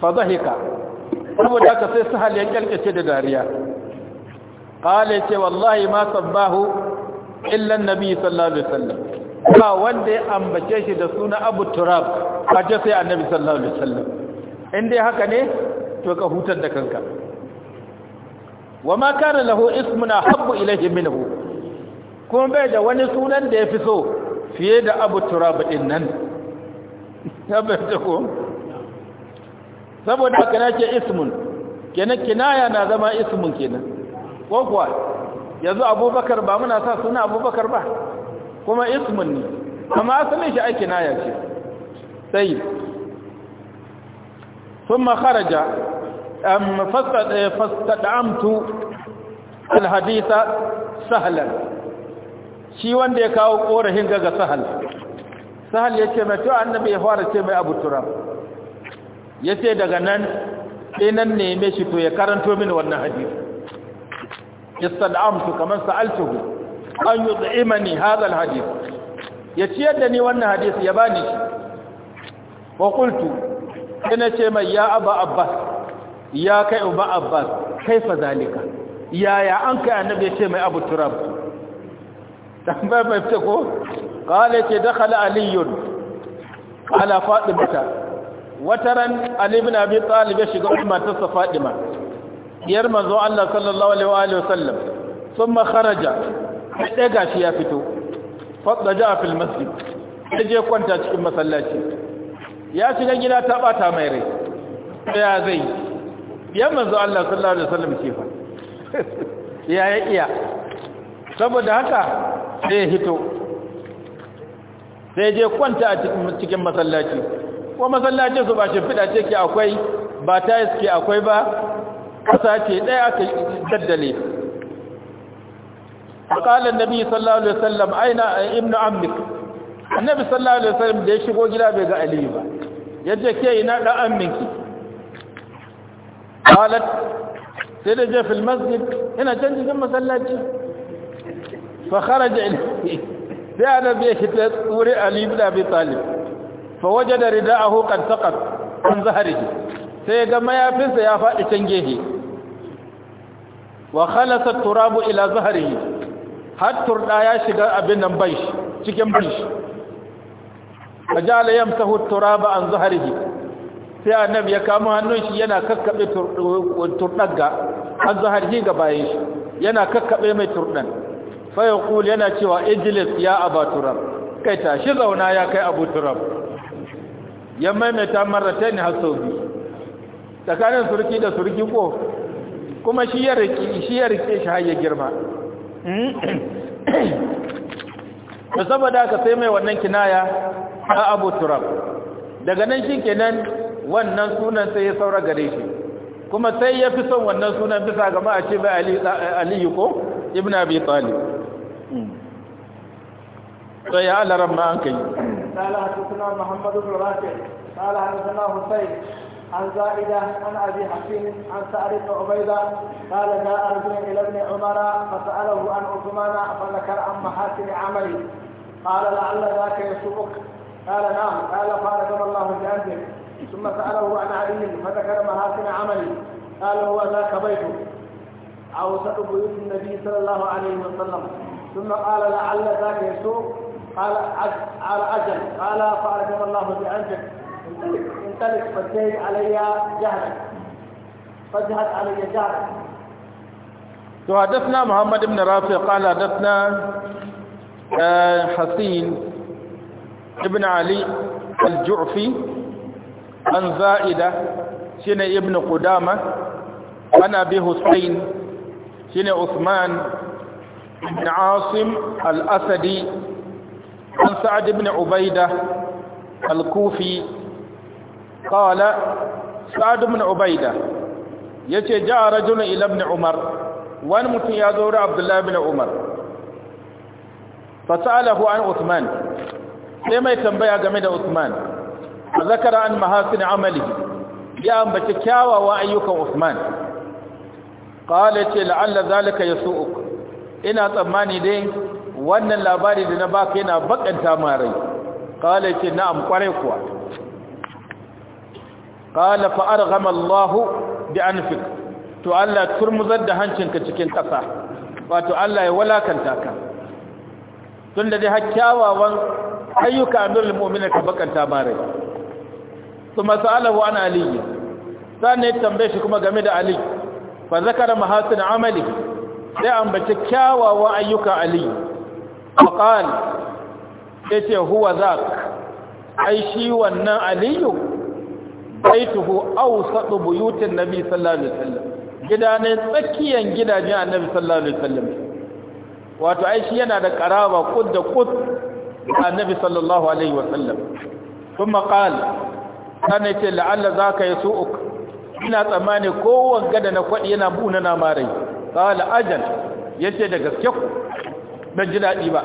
fa zahika saboda haka sai sahal ya kyalkace da dariya qala ce wallahi ma sabbahu illan annabi sallallahu alaihi wasallam ba wanda ya ambace shi da suna abu turab kaje sai annabi sallallahu alaihi wasallam in dai haka ne to ka hutar da kanka wa ma kana lahu ismuna habbu ilayhi minhu kuma bai da wani sunan da yafi so fiye da abu turab din nan saboda haka nake ismun kenan kinaya na zama ismun kenan ko kuwa yanzu abubakar ba muna sa suna abubakar ba kuma ismun ne amma asalin shi ai kinaya ce sai ثم خرج فاستدعمت الحديث sahalar, shi wanda ya kawo korafin gaga sahal sahal ya ce mai to annabi ya fara ce mai abu turam ya ce daga nan ɗinan neme shi to ya karanto mini wannan hadisi istad'amtu kaman sa'altuhu an yud'imani hadha alhadith ya ciyar da ni wannan hadisi ya bani wa qultu sai na ce mai ya aba abbas ya kai uba abbas kai fa zalika yaya an kai annabi ya ce mai abu turab tambayar mai fita ko kala ce dakhala aliyun ala fadimata wataran ali ibn abi talib ya shiga umma ta sa fadima diyar manzo Allah sallallahu alaihi wa alihi wasallam thumma kharaja daga shi ya fito fadda ja fil masjid je kwanta cikin masallaci ya shiga gida ta bata mai rai ya zai Ya manzo Allah sallallahu alaihi wasallam ce fa ya ya iya saboda haka sai hito sai je kwanta a cikin masallaci ko masallacin su ba shi fida ce ke akwai ba ta ke akwai ba kasa ce ɗaya aka daddale فقال النبي nabi sallallahu alaihi wasallam aina eh, ibnu ammik annabi sallallahu alaihi wasallam da ya shigo gida bai ga aliyu ba yadda ke ina da amminki qalat sai da je fil masjid ina can cikin masallaci fa kharaja ilayhi sai annabi ya fita tsuri ali ibn abi talib fa wajada rida'ahu qad saqat an zahrihi sai ga mayafinsa ya fadi can gehe wa khalasa turabu ila zahrihi har turda ya shiga abin nan bai cikin bai ajala yamsahu turaba an zuharihi sai annabi ya kama hannun shi yana kakkabe turdaga an zuharihi ga bayin shi yana kakkabe mai turdan fa yaqul yana cewa ijlis ya aba turab kai tashi zauna ya kai abu turab ya maimaita marratan haso bi tsakanin surki da surki ko kuma shi ya rike shi ya rike shi har ya girma saboda ka sai mai wannan kinaya a abu turab daga nan shi kenan wannan sunan sai ya saura gare shi kuma sai ya fi son wannan sunan bisa ga a ce bai aliyu ko ibn abi talib to ya alaran ma an kai قال حدثنا محمد بن رافع قال an حسين عن زائدة عن أبي حكيم عن سعد بن عبيدة قال جاء رجل إلى ابن عمر فسأله عن عثمان فذكر عن محاسن عملي قال لعل ذاك يسوءك قال نعم قال كما الله جاسم ثم سأله عن علي فذكر محاسن عملي قال هو ذاك بيته أوسط بيوت النبي صلى الله عليه وسلم ثم قال لعل ذاك يسوق قال على أجل قال كما الله بأنفك انطلق فجهد علي جهلك فجهد علي جهلك تحدثنا محمد بن رافع قال حدثنا آه، حسين ibn ali al-ju'fi an za'ida shine ibn qudama ana bi husayn shine usman ibn asim al-asadi an sa'ad ibn ubaida al-kufi qala sa'ad ibn ubaida yace ja'a rajulun ila ibn umar wani mutum ya zo da abdullahi ibn umar fasalahu an usman sai mai tambaya game da Usman a zakara an mahasin amali ya ambaci kyawawa ayyukan Usman qala ce la'alla zalika uku, ina tsammani dai wannan labari da na baka yana bakanta ma rai qala ce na kware kuwa qala fa arghama Allah bi anfik to Allah turmuzar da hancinka cikin kasa wato Allah ya walakanta ka tunda dai har kyawawan ayyuka annul mu'mina ka bakanta mare kuma sa'alahu an ali ne tambaye shi kuma game da ali fa zakara mahasin amali sai an bace kyawawa ayyuka ali fa qala yace huwa zak ai shi wannan aliyu baituhu awsatu buyutin nabi sallallahu alaihi wasallam gidane tsakiyan gidajen annabi sallallahu alaihi wasallam wato ai shi yana da karaba kud da kud annabi sallallahu alaihi wasallam kuma qala kana ce la'alla zaka yasu'uk ina tsammani kowan gada na kwadi yana buna na marai qala ajal yace da gaske ku ban ji dadi ba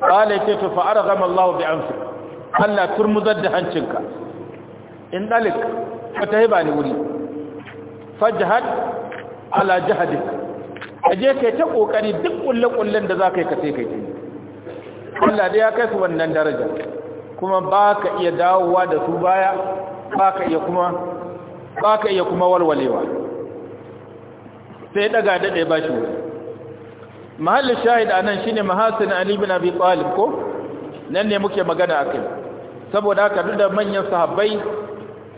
qala yace to fa arghama Allah bi anfi Allah turmuzar da hancinka in dalik ka tahi ni wuri fajhad ala jahadik aje kai ta kokari duk kullu kullun da zaka yi ka sai kai Allah da ya kai su wannan daraja kuma ba ka iya dawowa da su baya ba ka iya kuma ba walwalewa sai daga daɗe ba shi wuri mahallin shahid a nan shi ne mahasin ali bin abi ko nan ne muke magana a kai saboda haka duk da manyan sahabbai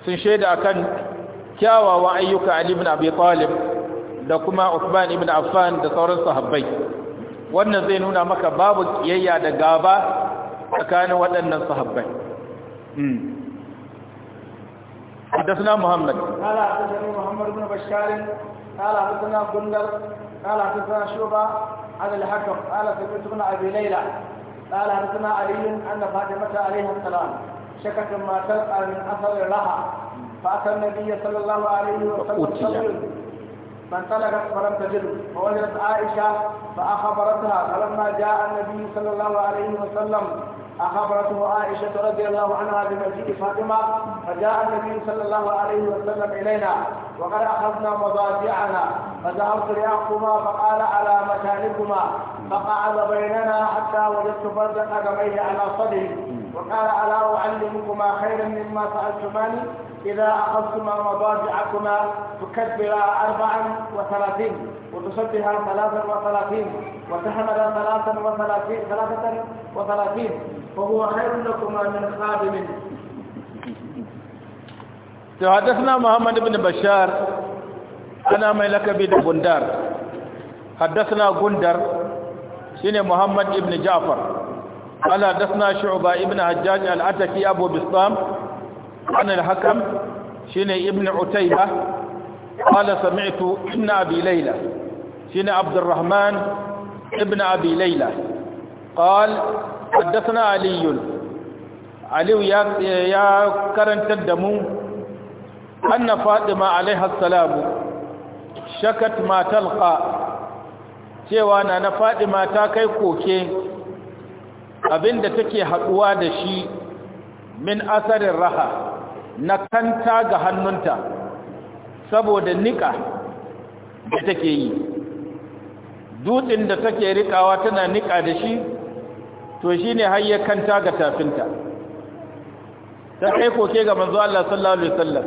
sun shaida akan kyawawan ayyuka ali bin abi da kuma usman ibn affan da sauran sahabbai wannan zai nuna maka babu kiyayya da gaba tsakanin waɗannan sahabbai hmm. haddasuna muhammad kala haddasuna muhammad bin basharin kala haddasuna gundar kala haddasuna shuba adal hakam kala haddasuna abi laila kala haddasuna aliyun anna fatimata alayha salam shakatun matar armin asar laha fatan nabiyyi sallallahu alayhi wa sallam man talaga falam tajid wa wajadat aisha فأخبرتها فلما جاء النبي صلى الله عليه وسلم أخبرته عائشة رضي الله عنها بمجيء فاطمة فجاء النبي صلى الله عليه وسلم إلينا وقد أخذنا مضاجعنا فذهبت لأخوما فقال على مكانكما فقعد بيننا حتى وجدت فرد قدميه على صدري وقال ألا أعلمكما خيرا مما سألتماني إذا أخذتما مضاجعكما تكبرا أربعا وثلاثين وتشبها ثلاثا وثلاثين وتحمل ثلاثا وثلاثين ثلاثة وثلاثين وهو خير لكما من خادم تحدثنا محمد بن بشار أنا ملك بن بندار حدثنا بندر شنو محمد بن جعفر قال حدثنا شعبة ابن حجاج العتكي أبو بسطام عن الحكم شين ابن عتيبة قال سمعت ابن أبي ليلى شين عبد الرحمن ابن أبي ليلى قال حدثنا علي علي يا يا كرنت الدمو أن فاطمة عليها السلام شكت ما تلقى cewa na na fadima ta kai koke abinda take haduwa da shi min asarin raha na kanta ga hannunta saboda nika da take yi dutsen da take rikawa tana nika da shi to shine har ya kanta ga tafinta ta kai koke ga manzo Allah sallallahu alaihi wasallam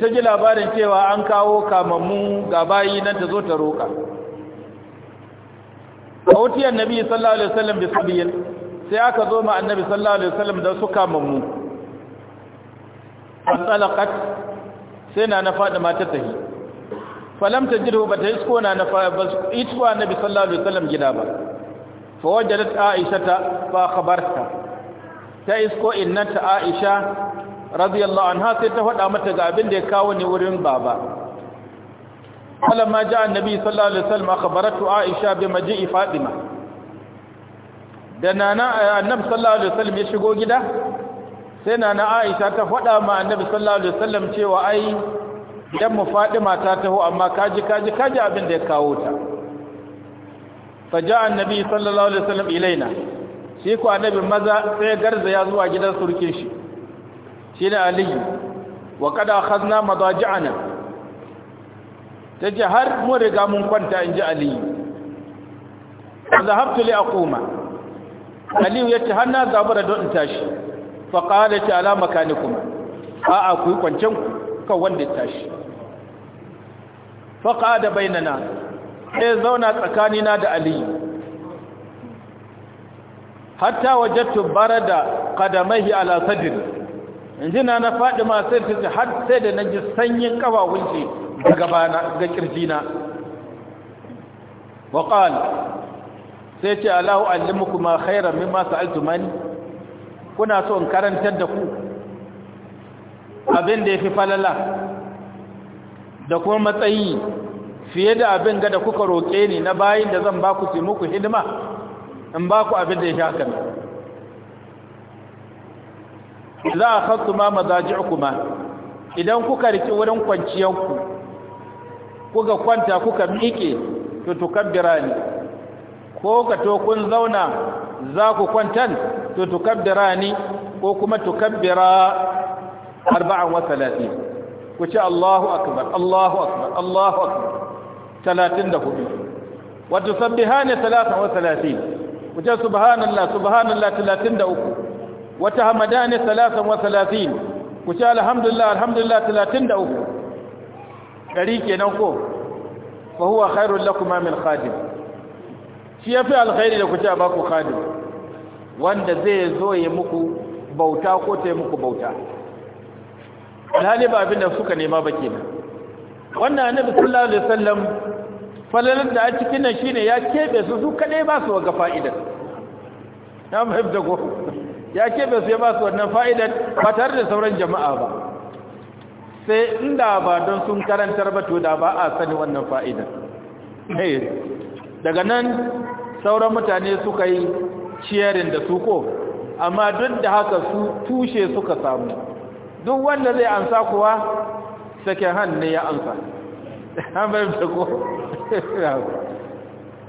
ta ji labarin cewa an kawo kamammu ga bayi nan ta zo ta roka kautiyar nabi sallallahu alaihi wasallam bisabiyin sai aka zo ma annabi sallallahu alaihi wasallam da su kamammu fasalakat sai na na faɗi matar ta yi falam ta ba ta yi isko na na faɗi na annabi sallallahu alaihi wasallam gida ba fa wajadat aisha ta fa kabarta. ta isko innata aisha radiyallahu anha sai ta faɗa mata ga abin da ya kawo ni wurin baba falamma ja annabi sallallahu alaihi wasallam akhbaratu aisha bi maji'i fatima da nana annabi sallallahu alaihi wasallam ya shigo gida sai na na aisha ta faɗa ma annabi sallallahu alaihi wasallam cewa ai idan mu fadima ta taho amma kaji kaji kaji abin da ya kawo ta fa ja annabi sallallahu alaihi wasallam ilaina shi ko annabi maza sai garza ya zuwa gidan surkin shi shi ne aliyu wa kada khazna madaji'ana taje har mun riga mun kwanta in ji aliyu zahabtu li aquma aliyu ya tahanna zabara don in tashi faƙada ce ala makanikun a a ku yi kwancen kan wanda tashi faƙada bainana sai zauna tsakanina da aliyu hatta wajattu da qadamaihi ala in injina na fadima sai ta har sai da na ji sanyin kafawun shi ga ƙirjina wa sai ce Allahu allimu kuma khairan mimma sa'altumani kuna so in karantar da ku abin da ya fi falala da kuma matsayi fiye da abin ga da kuka roƙe ni na bayin da zan ba ku muku hidima in ba ku abin da ya sha za a hatsu ma mazaji idan kuka riƙe wurin kwanciyarku kuka kwanta kuka miƙe to birane ko ka to kun zauna za ku kwantan to tukabbira ni ko kuma tukabbira arba'an wa talatin ku ce Allahu akbar Allahu akbar Allahu akbar talatin da hudu wa tusabbihani talatan wa talatin ku ce subhanallah subhanallah talatin da uku wa tahmadani talatan wa talatin ku ce alhamdulillah alhamdulillah talatin da uku dari kenan ko fa huwa khairul lakum min khadim shi yafi alkhairi da ku ce ba ku khadim wanda zai zo ya muku bauta ko ta yi muku bauta galiba abin da suka nema ba ke nan. wannan annabi sallallahu alaihi wasallam falalar da a cikin nan shine ya kebe su su kadai ba su ga fa'idar na mahib da go ya kebe su ya ba su wannan fa'idar ba tare da sauran jama'a ba sai in da ba don sun karantar ba to da ba a sani wannan fa'idar eh, daga nan sauran mutane suka yi ciyarin da su ko amma duk da haka su tushe suka samu duk wanda zai ansa kuwa sake hannu ya ansa [laughs] an bayan ko [laughs]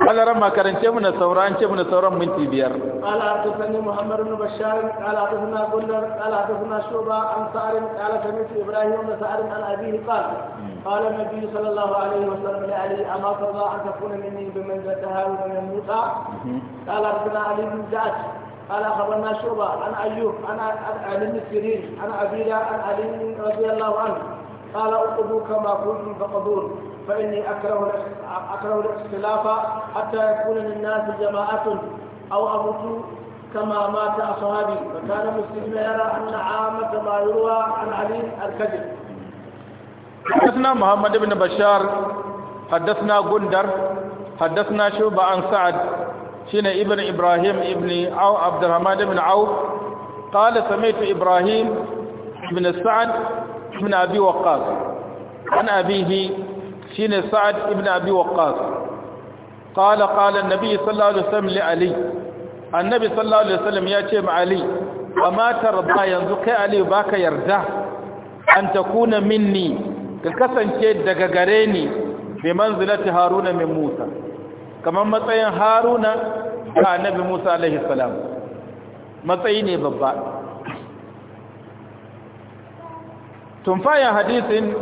Allah ran makarance mu na sauran ce mu na sauran minti biyar. Ala ta sani Muhammad ibn Bashar, ala ta sani Gullar, ala ta sani Shuba, an sa'ar ala ta Ibrahim da sa'ar an abi hifal. Qala Nabi sallallahu alaihi wa sallam li Ali amma fa an takuna minni bi man zataha wa man muta. Ala ta Ali bin Zaid. Ala khabarna Shuba, an Ayyub, an Ali bin Sirin, an Abida, an Ali radiyallahu anhu. Qala uqdu kama kuntum faqdur. فإني أكره أكره الاختلاف حتى يكون للناس جماعة أو أموت كما مات أصحابي فكان مسلم يرى أن عامة ما يروى عن علي الكذب حدثنا محمد بن بشار حدثنا غندر حدثنا شعبة عن سعد شين ابن إبراهيم ابن أو عبد الرحمن بن عوف قال سمعت إبراهيم بن سعد بن أبي وقاص عن أبيه shine sa'ad ibn abi waqqas qala qala annabi sallallahu alaihi wasallam li ali annabi sallallahu alaihi wasallam ya ce ma ali amma tarda yanzu kai ali baka yarda an takuna minni ka kasance daga gare ni bi manzilati haruna min musa kamar matsayin haruna ga annabi musa alaihi salam matsayi ne babba tumfayin hadisin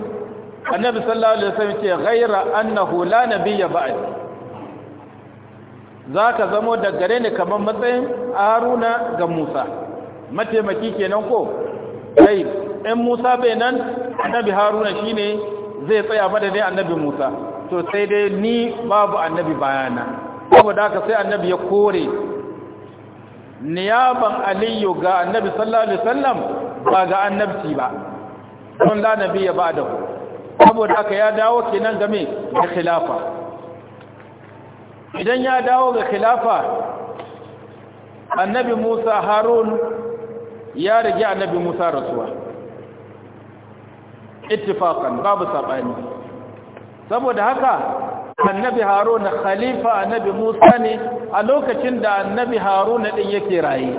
annabi sallallahu alaihi wasallam ce ghaira annahu la nabiyya ba'd zaka zamo da gare ni kamar matsayin haruna ga musa mataimaki kenan ko kai in musa bai nan annabi haruna shine zai tsaya da madadin annabi musa to sai dai ni babu annabi bayana saboda haka sai annabi ya kore niyaban aliyu ga annabi sallallahu alaihi wasallam ba ga annabci ba don la nabiyya ba'dahu saboda haka ya dawo kenan game da khilafa idan ya dawo ga khilafa annabi Musa Harun ya rige annabi Musa rasuwa ittifaqan babu sabani saboda haka annabi Harun khalifa annabi Musa ne a lokacin da annabi Harun din yake raye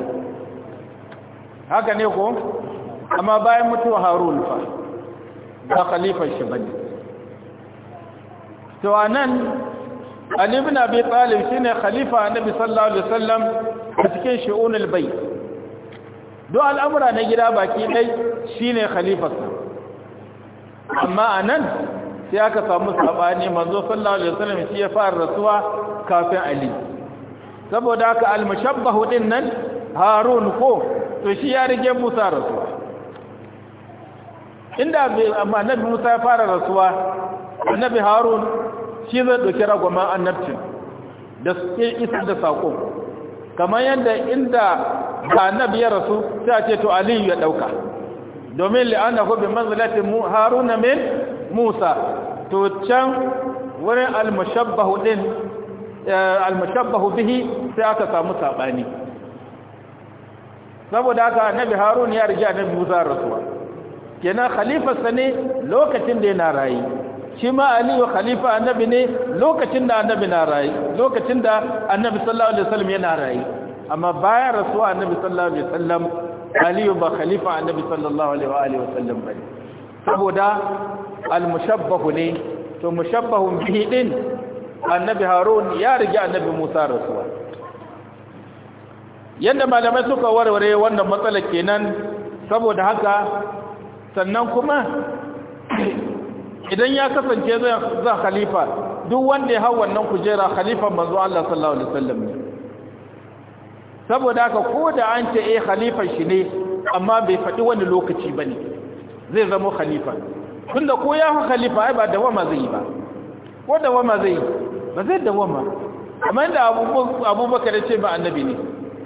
haka ne ko amma bayan mutuwa Harun fa ba khalifar shi bane to anan Ali ibn Abi Talib shine khalifa Annabi sallallahu alaihi wasallam a cikin shi'unul bayt duk al'amura na gida baki dai shine khalifarsa amma anan sai aka samu sabani manzo sallallahu alaihi wasallam shi ya fara rasuwa kafin Ali saboda haka al-mushabbahu din nan Harun ko to shi ya rige Musa rasu inda amma annabi Musa ya fara rasuwa annabi Harun shi zai doke ragoman annabcin da isa da sako kamar yadda inda annabi ya rasu sai ce to Aliyu ya dauka domin li'annahu bi manzilati Harun min Musa to can wurin al-mushabbahu din eh, al-mushabbahu bihi sai aka samu sabani saboda haka annabi Harun ya riga annabi Musa rasuwa kenan khalifarsa ne lokacin da yana rayi shi ma aliyu khalifa annabi ne lokacin da annabi na rayi lokacin da annabi sallallahu alaihi wasallam yana rayi amma bayan rasuwa annabi sallallahu alaihi wasallam aliyu ba khalifa annabi sallallahu alaihi wasallam bane saboda al-mushabbahu ne to mushabbahun bihi din annabi harun ya rige annabi musa rasuwa yanda malamai suka warware wannan matsalar kenan saboda haka sannan kuma idan ya kasance za khalifa duk wanda ya hau wannan kujera Khalifa manzo Allah sallallahu alaihi wasallam ne saboda haka ko da an ce eh Khalifa shi ne amma bai faɗi wani lokaci bane zai zama khalifa tunda ko ya hau khalifa ai ba dawama zai ba ko dawama zai ba zai dawama amma da abubakar ya ce ba annabi ne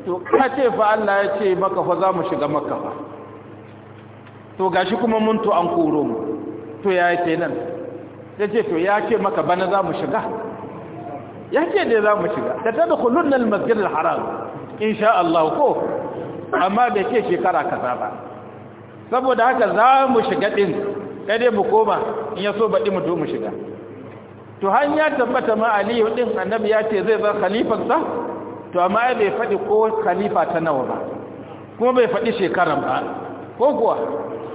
to ka ce fa Allah ya ce maka fa za mu shiga makka fa to gashi kuma mun to an koro mu to ya yi kenan ya ce to ya ce maka bana za mu shiga ya ce da za mu shiga da ta da kullun nan masjid al-haram insha Allah ko amma da ke shekara kaza ba saboda haka za mu shiga din dai mu koma in ya so baɗi mu to mu shiga to han ya tabbata ma aliyu din annabi ya ce zai Khalifar sa. to amma bai faɗi ko khalifa ta nawa ba kuma bai faɗi shekaran ba ko kuwa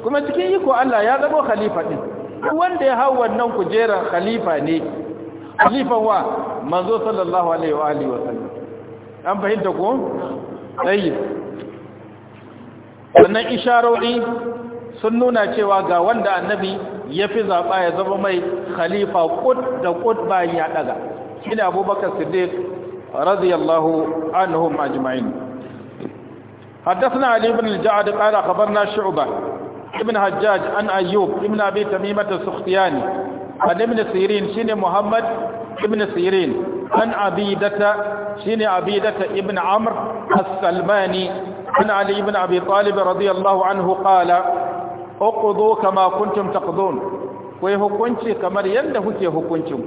kuma cikin iko Allah ya zabo khalifa din wanda ya hau wannan kujera khalifa ne khalifan wa manzo sallallahu alaihi wa alihi wasallam an fahimta ko tayyib wannan isharori sun nuna cewa ga wanda annabi ya fi zaɓa ya zama mai khalifa kud da kud bayan ya ɗaga shi ne abubakar siddiq radiyallahu anhum ajma'in حدثنا علي بن الجعد قال خبرنا شعبه ibn hajjaj an ayyub ibn abi tamimata sukhtiyani an ibn sirin shine muhammad ibn sirin an abidata shine abidata ibn amr as-salmani an ali ibn abi talib radiyallahu anhu qala uqdu kama kuntum taqdun kai hukunci kamar yadda kuke hukuncin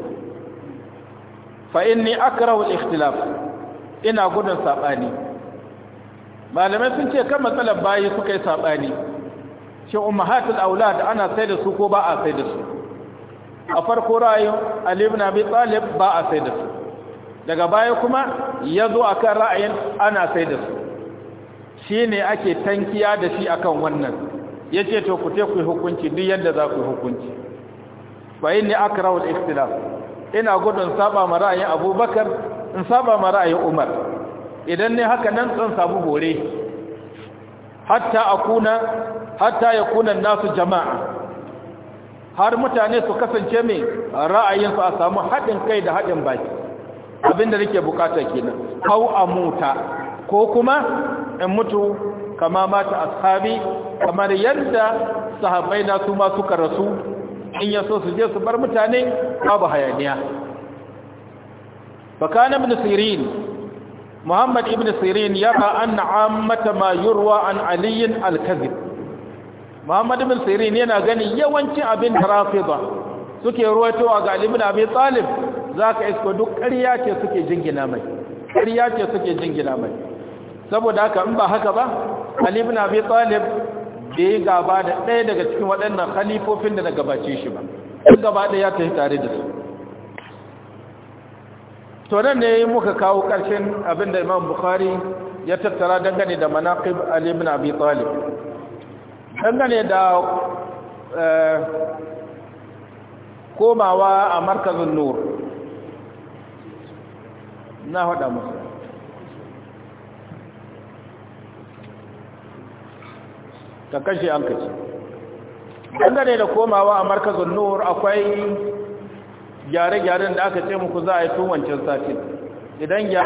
fa inni akrahu al-ikhtilaf ina gudun sabani malamai sun ce kan matsalar bayi suka yi sabani shi ummahatul aulad ana sai da su ko ba a sai da su a farko ra'ayin Ali ibn Abi Talib ba a sai da su daga baya kuma yazo akan ra'ayin ana sai da su shine ake tankiya da shi akan wannan yace to ku take hukunci duk yadda za ku hukunci fa inni akrahu al-ikhtilaf ina gudun saba ma ra'ayin Abubakar in saba ma ra'ayin Umar idan ne haka nan zan samu hore hatta akuna hatta ya kunan nasu jama'a har mutane su kasance mai ra'ayinsu a samu haɗin kai da haɗin baki abinda nake bukata kenan hau a mota ko kuma in mutu kama mata ashabi kamar yadda sahabbai na su ma suka rasu in ya so su je su bar mutane babu hayaniya fakana ibn sirin muhammad ibn sirin ya anna ammata ma yurwa an aliyin al Muhammad bin Sirin yana gani yawancin abin da Rafida suke ruwaitowa ga Ali bin Abi Talib zaka isko duk ƙarya ce suke jingina mai ƙarya ce suke jingina mai saboda haka in ba haka ba Ali bin Abi Talib bai gaba da ɗaya daga cikin waɗannan khalifofin da na gabace shi ba in gaba da ya tafi tare da su to nan ne muka kawo ƙarshen abin da Imam Bukhari ya tattara dangane da manaqib Ali bin Abi Talib dangane da eh, komawa a markazin nur na hada musu ta kashe an kashe dangane da komawa a markazin nur akwai gyare-gyaren da aka ce muku za a yi tun wancan sati idan